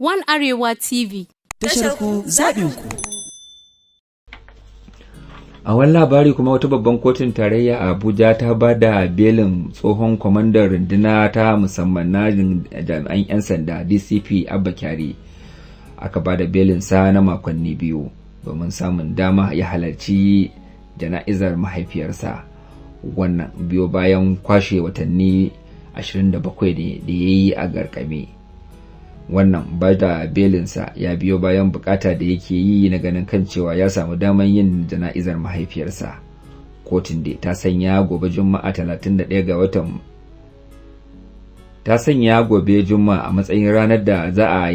One Arewa TV. zaɓinku. A wani labari kuma wata babban kotun tarayya a Abuja ta ba da belin tsohon kwamandan runduna ta musamman na jami'an 'yan sanda DCP Abba Kyari. Aka ba da belinsa na makonni biyu domin samun dama ya halarci jana'izar mahaifiyarsa. Wannan biyo bayan kwashe watanni 27 da ya yi a garkame. wannan ba da belinsa ya biyo bayan bukata da yake yi na ganin kan cewa ya samu daman yin jana'izar mahaifiyarsa kotun da ta sanya gobe juma'a 31 ga watan ta sanya gobe juma'a a matsayin ranar da za a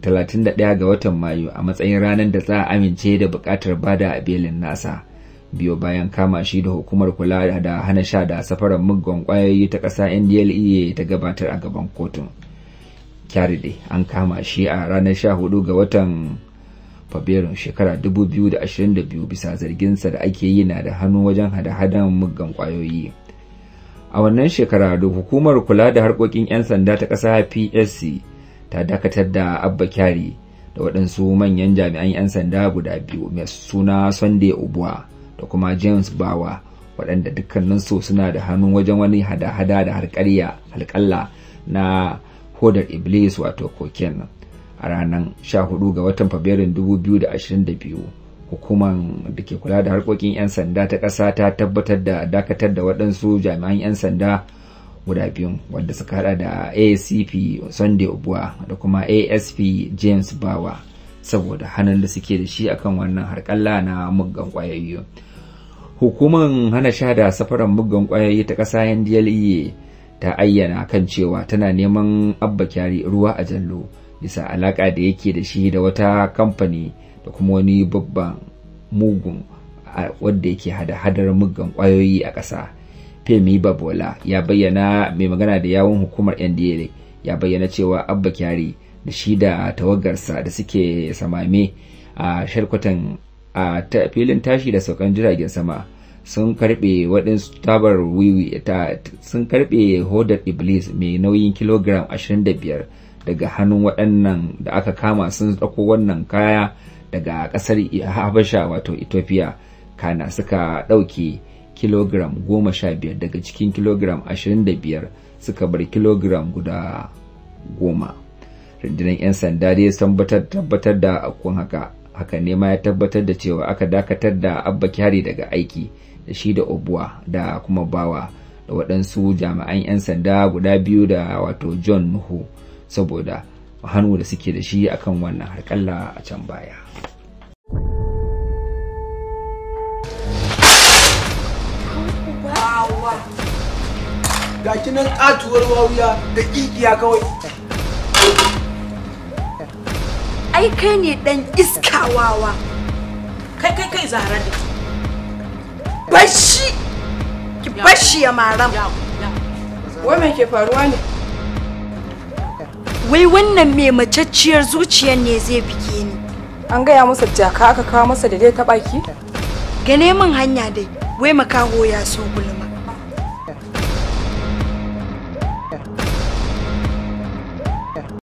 31 ga watan mayu a matsayin ranar da za a amince da bukatar bada belin nasa biyo bayan kama shi da hukumar kula da hana sha da safarar muggan kwayoyi ta kasa ndle ta gabatar a gaban kotun kyaride an kama shi a ranar 14 ga watan fabrairu shekara 2022 bisa zarginsa da ake yi na da hannu wajen hada-hadan muggan kwayoyi a wannan shekara da hukumar kula da harkokin 'yan sanda ta ƙasa psc ta dakatar da abba kyari da waɗansu manyan jami'an 'yan sanda guda biyu mai suna sunday obua da kuma james bawa waɗanda su suna da hannu wajen wani hada-hada da harƙalla na kodar iblis wato koken a ranar 14 ga watan fabrairun 2022 hukumar da ke kula da harkokin 'yan sanda ta ƙasa ta tabbatar da dakatar da waɗansu jami'an 'yan sanda guda biyu wanda suka hada da acp sunday obua da kuma asp james bawa saboda hannun da suke da shi akan wannan harkalla na muggan kwayoyi hukumar hana shada da safaran muggan kwayoyi ta ƙasa ndle ta ayyana kan cewa tana neman abba kyari ruwa a jallo bisa alaka da yake da shi da wata kamfani da kuma wani babban mugun wadda yake hada hadar muggan kwayoyi a ƙasa femi babola ya bayyana mai magana da yawon hukumar ndla ya bayyana cewa abba kyari da shi da tawagarsa da suke samame a sharkwatan a filin tashi da saukan jiragen sama sun karbe waɗansu tabar wiwi ta sun karbe hodar iblis mai nauyin kilogram 25 daga hannun waɗannan da aka kama sun ɗauko wannan kaya daga ƙasar habasha wato ethiopia kana suka ɗauke kilogram 15 daga cikin kilogram 25 suka bar kilogram guda goma rundunar 'yan sanda dai tabbatar da akwai haka hakan ne ma ya tabbatar da cewa aka dakatar da abba kyari daga aiki da shi da obuwa da kuma bawa da waɗansu jami'an 'yan sanda guda biyu da wato john nuhu saboda hannu da suke da shi akan wannan harƙalla a can baya ga kinan katuwar wawuya da igiya kawai ai kai ne dan iskawawa kai kai kai zahara bashi ki bashi ya maram wai me ke faruwa ne wai wannan mai macacciyar zuciyar ne zai bige ni an gaya masa jaka aka kawo masa da dai ta baki gane min hanya dai wai makaho ya so gulma